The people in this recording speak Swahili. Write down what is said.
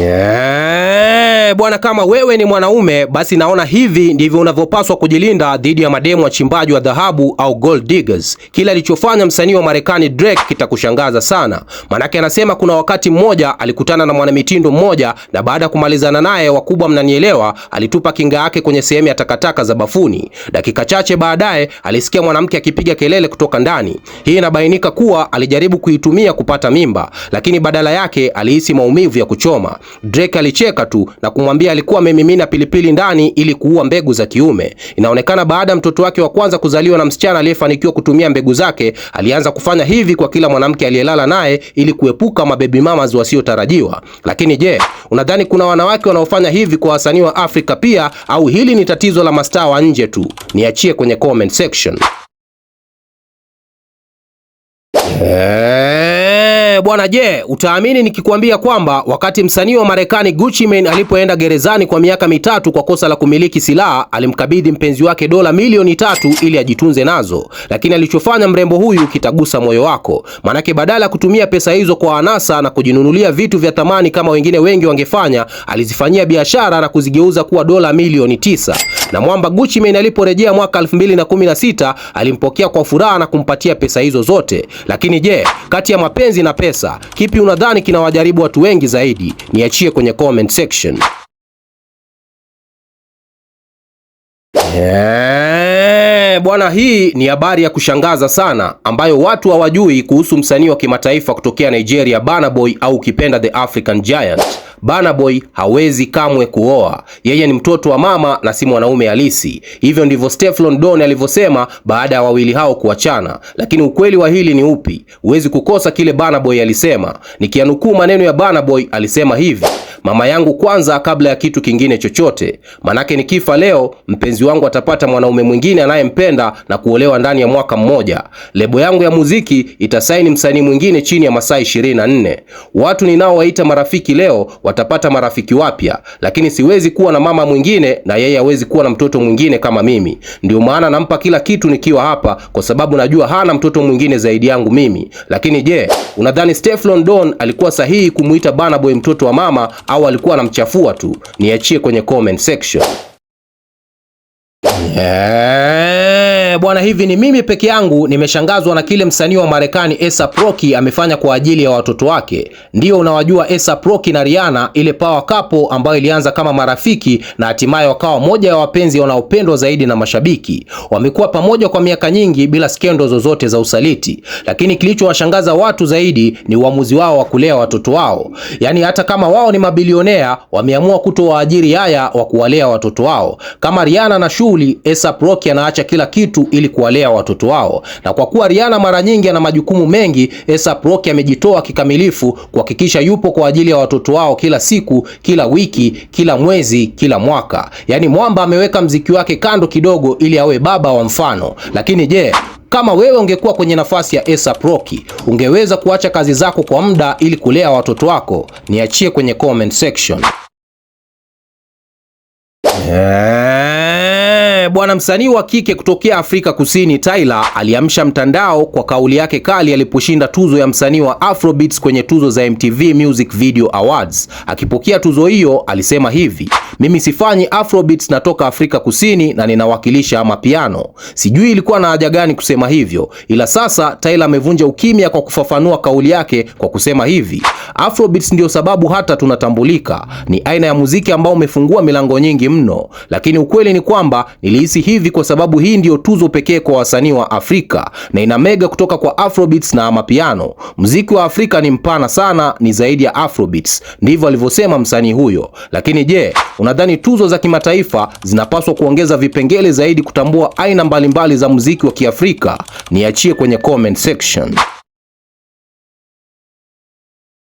Yeah. bwana, kama wewe ni mwanaume, basi naona hivi ndivyo unavyopaswa kujilinda dhidi ya mademu wachimbaji wa dhahabu au gold diggers. Kile alichofanya msanii wa Marekani Drake kitakushangaza sana, manake anasema kuna wakati mmoja alikutana na mwanamitindo mmoja, na baada ya kumalizana naye, wakubwa mnanielewa, alitupa kinga yake kwenye sehemu ya takataka za bafuni. Dakika chache baadaye alisikia mwanamke akipiga kelele kutoka ndani. Hii inabainika kuwa alijaribu kuitumia kupata mimba, lakini badala yake alihisi maumivu ya kuchoma. Drake alicheka tu na anamwambia alikuwa amemimina pilipili ndani ili kuua mbegu za kiume. Inaonekana baada ya mtoto wake wa kwanza kuzaliwa na msichana aliyefanikiwa kutumia mbegu zake, alianza kufanya hivi kwa kila mwanamke aliyelala naye ili kuepuka mabebi mamas wasiotarajiwa. Lakini je, unadhani kuna wanawake wanaofanya hivi kwa wasanii wa Afrika pia au hili ni tatizo la mastaa wa nje tu? Niachie kwenye comment section. Eh bwana, je, utaamini nikikwambia kwamba wakati msanii wa Marekani Gucci Mane alipoenda gerezani kwa miaka mitatu kwa kosa la kumiliki silaha, alimkabidhi mpenzi wake dola milioni tatu ili ajitunze nazo, lakini alichofanya mrembo huyu kitagusa moyo wako. Manake badala ya kutumia pesa hizo kwa anasa na kujinunulia vitu vya thamani kama wengine wengi wangefanya, alizifanyia biashara na kuzigeuza kuwa dola milioni tisa na mwamba Gucci Mane aliporejea mwaka 2016 alimpokea kwa furaha na kumpatia pesa hizo zote. Lakini je, kati ya mapenzi na pesa kipi unadhani kinawajaribu watu wengi zaidi? Niachie kwenye comment section. Yeah, bwana, hii ni habari ya kushangaza sana ambayo watu hawajui kuhusu msanii wa kimataifa kutokea Nigeria Burna Boy au kipenda The African Giant. Burna Boy hawezi kamwe kuoa, yeye ni mtoto wa mama na si mwanaume halisi. Hivyo ndivyo Stefflon Don alivyosema baada ya wawili hao kuachana. Lakini ukweli wa hili ni upi? Huwezi kukosa kile Burna Boy alisema. Nikianukuu maneno ya Burna Boy alisema hivi: mama yangu kwanza kabla ya kitu kingine chochote, manake nikifa leo mpenzi wangu atapata mwanaume mwingine anayempenda na kuolewa ndani ya mwaka mmoja. Lebo yangu ya muziki itasaini msanii mwingine chini ya masaa 24. Watu ninaowaita marafiki leo watapata marafiki wapya, lakini siwezi kuwa na mama mwingine na yeye hawezi kuwa na mtoto mwingine kama mimi. Ndio maana nampa kila kitu nikiwa hapa, kwa sababu najua hana mtoto mwingine zaidi yangu mimi. Lakini je, unadhani Stefflon Don alikuwa sahihi kumuita Burna Boy mtoto wa mama au alikuwa anamchafua tu? Niachie kwenye comment section yeah. Eh, bwana hivi ni mimi peke yangu nimeshangazwa na kile msanii wa Marekani ASAP Rocky amefanya kwa ajili ya watoto wake. Ndio unawajua ASAP Rocky na Rihanna, ile power couple ambayo ilianza kama marafiki na hatimaye wakawa moja ya wapenzi wanaopendwa zaidi na mashabiki. Wamekuwa pamoja kwa miaka nyingi bila skendo zozote za usaliti, lakini kilichowashangaza watu zaidi ni uamuzi wao wa kulea watoto wao. Yaani hata kama wao ni mabilionea, wameamua kutowaajiri yaya wa kuwalea watoto wao. Kama Rihanna na shughuli, ASAP Rocky anaacha kila kitu tu ili kuwalea watoto wao. Na kwa kuwa Rihanna mara nyingi ana majukumu mengi, A$AP Rocky amejitoa kikamilifu kuhakikisha yupo kwa ajili ya watoto wao kila siku, kila wiki, kila mwezi, kila mwaka. Yaani mwamba ameweka mziki wake kando kidogo ili awe baba wa mfano. Lakini je, kama wewe ungekuwa kwenye nafasi ya A$AP Rocky ungeweza kuacha kazi zako kwa muda ili kulea watoto wako? Niachie kwenye comment section. Yeah bwana msanii wa kike kutokea Afrika Kusini Tyla aliamsha mtandao kwa kauli yake kali aliposhinda tuzo ya msanii wa Afrobeats kwenye tuzo za MTV Music Video Awards. Akipokea tuzo hiyo alisema hivi: mimi sifanyi afrobeats, natoka Afrika Kusini na ninawakilisha amapiano. Sijui ilikuwa na haja gani kusema hivyo, ila sasa Tyla amevunja ukimya kwa kufafanua kauli yake kwa kusema hivi, afrobeats ndio sababu hata tunatambulika. Ni aina ya muziki ambao umefungua milango nyingi mno, lakini ukweli ni kwamba nilihisi hivi kwa sababu hii ndiyo tuzo pekee kwa wasanii wa Afrika na ina mega kutoka kwa afrobeats na amapiano. Muziki wa Afrika ni mpana sana, ni zaidi ya afrobeats. Ndivyo alivyosema msanii huyo. Lakini je, una unadhani tuzo za kimataifa zinapaswa kuongeza vipengele zaidi kutambua aina mbalimbali za muziki wa Kiafrika? Niachie kwenye comment section.